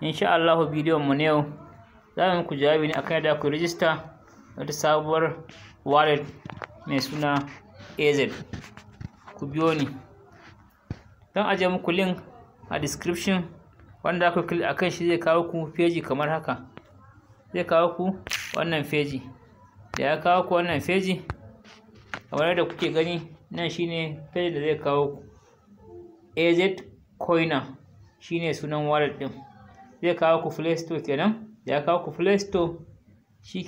insha Allahu bidiyon mu ne yau za mu ku jawabi ne akan yadda ku rijista wata sabuwar wallet mai suna AZ ku biyo ni don ajiye muku link a description wanda aka klik akan shi zai kawo ku feji kamar haka zai kawo ku wannan feji da ya kawo ku wannan feji kamar yadda kuke gani nan shine feji da zai kawo ku AZ Coiner shine sunan wallet din zai kawo ku play store kenan ya kawo ku play store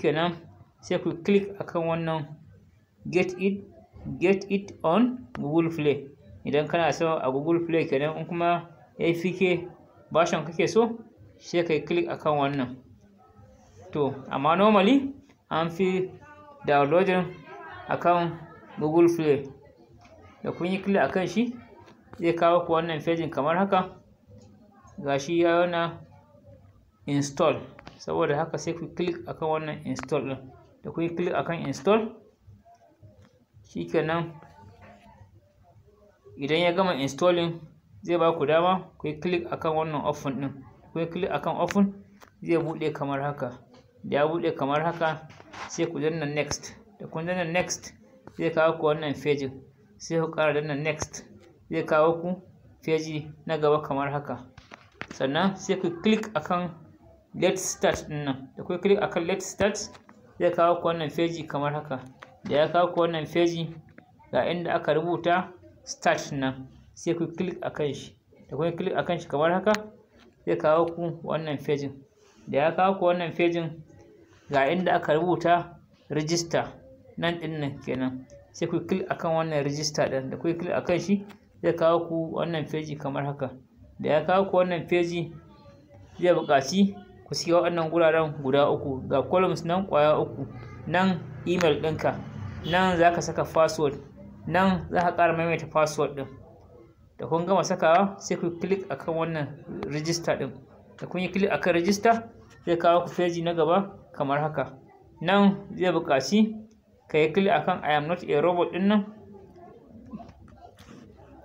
kenan sai ku click akan wannan get it get it on google play idan kana so a google play kenan in kuma APK version kake so sai kai click akan wannan to amma normally an fi downloading akan google play da kun yi click akan shi zai kawo ku wannan fejin kamar haka gashi ya yana install saboda haka sai ku click akan wannan install din da ku click akan install shikenan idan ya gama installing zai ba ku dama ku click akan wannan open din ku click akan open zai bude kamar haka da ya bude kamar haka sai ku danna next da kun danna next zai kawo ku wannan page sai ku ƙara danna next zai kawo ku feji na gaba kamar haka sannan sai ku click akan let start din nan da kuka click akan let start zai kawo ku wannan feji kamar haka da ya kawo ku wannan feji ga inda aka rubuta start nan sai ku click akan shi da kuka click akan shi kamar haka zai kawo ku wannan fejin da ya kawo ku wannan fejin ga inda aka rubuta register nan din nan kenan sai ku click akan wannan register din da ku click akan shi zai kawo ku wannan feji kamar haka da ya kawo ku wannan feji zai buƙaci ku siyo wannan guraren guda uku ga columns nan kwaya uku nan email ɗinka nan za ka saka password nan za ka ƙara maimaita password ɗin da kun gama sakawa sai ku click akan wannan register ɗin da kun yi click akan register zai kawo ku feji na gaba kamar haka nan zai buƙaci ka yi click akan I am not a robot ɗin nan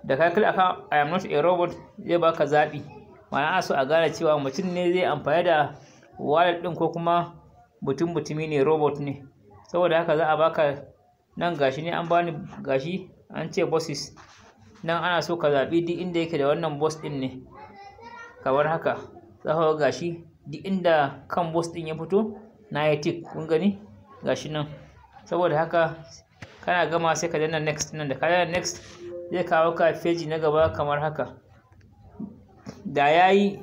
da ka click akan I am not a robot zai baka zaɓi ma'ana so a gane cewa mutum ne zai amfani da wallet ɗin ko kuma mutum mutumi ne robot ne saboda haka za a baka nan gashi ne an bani gashi an ce bosses nan ana so ka zaɓi duk inda yake da wannan boss ɗin ne kamar haka za ka gashi duk inda kan boss ɗin ya fito na ya tick kun gani gashi nan saboda haka kana gama sai ka danna next nan da ka danna next zai kawo ka feji na gaba kamar haka da ya yi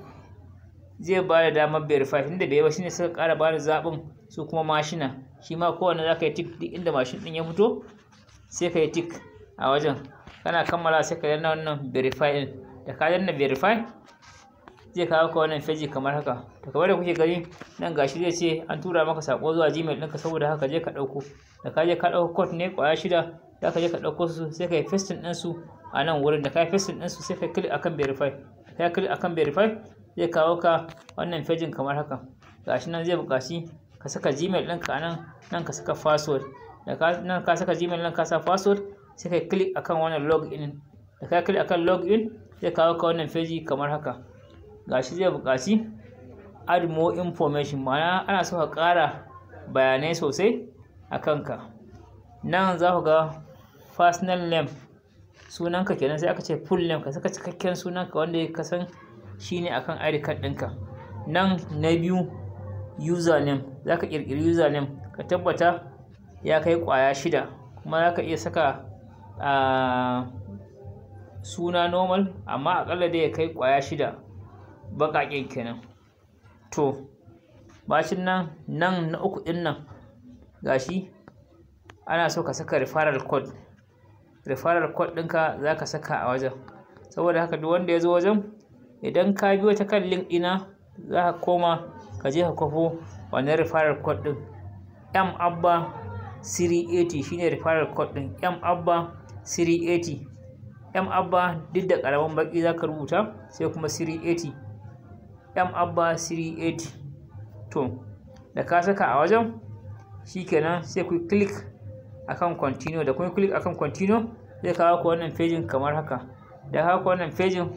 zai ba da damar verify inda bai ba shine suka kara ba da zaɓin su kuma mashina shi ma kowane za ka yi tik duk inda mashin ɗin ya fito sai ka yi tik a wajen kana kammala sai ka danna wannan verify ɗin da ka danna verify zai kawo ka wannan feji kamar haka to kamar da kuke gani nan gashi zai ce an tura maka sako zuwa gmail ɗinka saboda haka je ka ɗauko da ka je ka ɗauko code ne ƙwaya shida za ka je ka ɗauko su sai ka yi pasting ɗinsu a nan wurin da ka yi pasting ɗinsu sai ka click akan verify ka click akan verify zai kawo ka wannan fejin kamar haka gashi nan zai buƙaci ka saka gmail ɗinka nan nan ka saka password da ka nan ka saka gmail nan ka sa password sai ka click akan wannan login da ka click akan login zai kawo ka wannan feji kamar haka gashi zai buƙaci add more information ma'ana ana so ka ƙara bayanai sosai a kanka nan za ku ga personal name sunanka kenan sai aka ce full name ka saka cikakken sunanka wanda ya kasan shine akan ID card ɗinka nan na biyu username za ka ƙirƙiri username ka tabbata ya kai ƙwaya shida kuma za ka iya saka suna normal amma aƙalla dai ya kai ƙwaya shida baƙaƙen kenan to bacin nan nan na uku ɗin nan gashi ana so ka saka referral code referral code ɗinka za ka saka a wajen saboda haka duk wanda ya zo wajen idan ka bi wata kan link ɗina za ka koma ka je ka kwafo wannan referral code ɗin m abba 380 shine referral code ɗin m abba 380 80 m abba duk da ƙaramin baƙi za ka rubuta sai kuma 380 m abba 380 to da ka saka a wajen shi kenan sai ku click akan continue da kun click akan continue zai kawo ku wannan pejin kamar haka da haka wannan pejin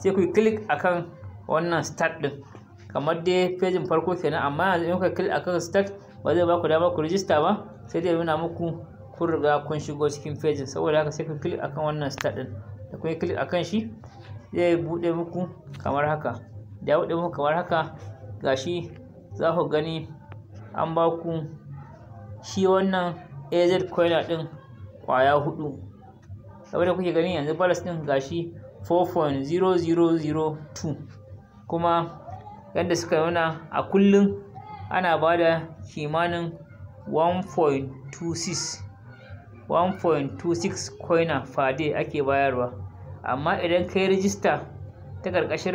sai ku click akan wannan start din kamar dai pejin farko kenan amma yanzu in ku click akan start ba zai ba ku dama ku register ba sai dai nuna muku kun riga kun shigo cikin pejin saboda haka sai ku click akan wannan start din da kun click akan shi zai bude muku kamar haka da ya bude muku kamar haka gashi za ku gani an ba ku shi wannan az coiler ɗin ƙwaya hudu kamar da kuke gani yanzu balas ɗin gashi 4.0002 kuma yadda suka nuna a kullum ana ba da kimanin 1.26 1.26 coina ake bayarwa amma idan ka yi rijista ta ƙarƙashin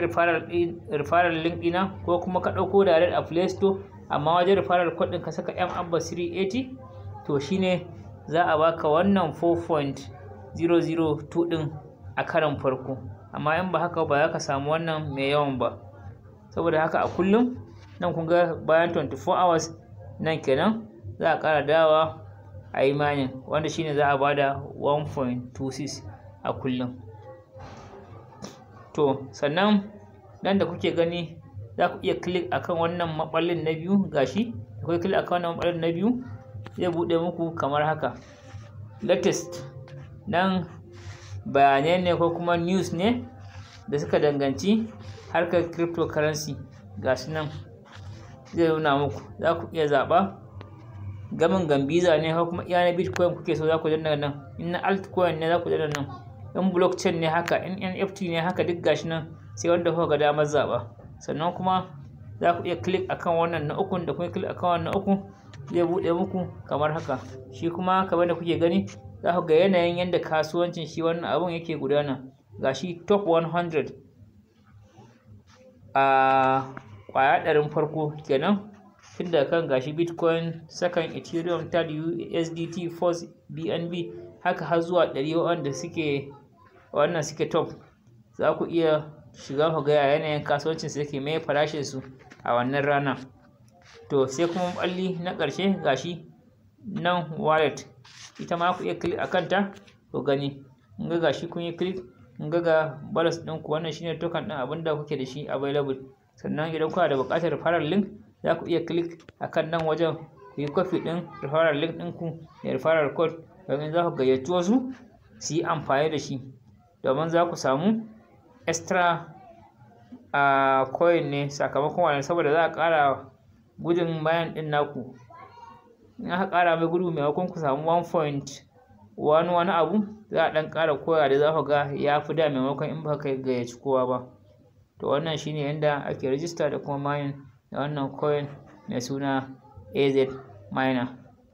referral link ɗina ko kuma ka ɗauko direct a play store amma wajen referral code ka saka m abba 380 to shine za a baka wannan 4.002 ɗin a karan farko amma in ba haka ba za ka samu wannan mai yawan ba saboda haka a kullum nan kun ga bayan 24 hours nan kenan za a kara dawa a yi manin wanda shine za a bada 1.26 a kullum to sannan nan da kuke gani za ku iya click akan wannan maɓallin na biyu gashi akwai click akan wannan maɓallin na biyu zai buɗe muku kamar haka latest nan bayanai ne ko kuma news ne da suka danganci harkar cryptocurrency gashi nan zai nuna muku za ku iya zaɓa gamin gambiza ne ko kuma iya na bitcoin kuke so za ku danna nan in na altcoin ne za ku danna nan in blockchain ne haka in nft ne haka duk gashi nan sai wanda kuka ga damar zaɓa sannan kuma za ku iya click akan wannan na ukun da kuma click akan wannan na ukun zai buɗe muku kamar haka shi kuma kamar da kuke gani za ku ga yanayin yadda kasuwancin shi wannan abun yake gudana ga shi top 100 a kwaya ɗarin farko kenan tun kan gashi bitcoin sakan ethereum third usdt fourth bnb haka har zuwa ɗari wanda suke wannan suke top za ku iya shiga ku ga yanayin kasuwancin su yake mai farashin su a wannan rana to sai kuma maballi na ƙarshe gashi nan wallet ita ma ku iya click a kanta ku gani in ga gashi kun yi click in ga ga balance ku, wannan shine token ɗin abinda kuke da shi available sannan idan kuna da buƙatar referral link za ku iya click akan nan wajen ku yi copy ɗin referral link ku, da referral code domin za ku gayyaci wasu su yi amfani da shi domin za ku samu extra a coin ne sakamakon wani saboda za a kara gudun bayan ɗin naku in aka kara mai gudu maimakon ku samu 1.1 wani abu za a ɗan kara koya da za ku ga ya fi da maimakon in ba kai gayyaci kowa ba to wannan shine yanda ake register da kuma mining da wannan coin mai suna AZ miner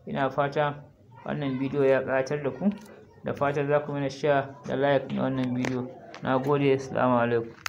ina fata wannan bidiyo ya ƙayatar da ku da fatan za ku mana share da like na wannan bidiyo Na gode, salamu alaikum.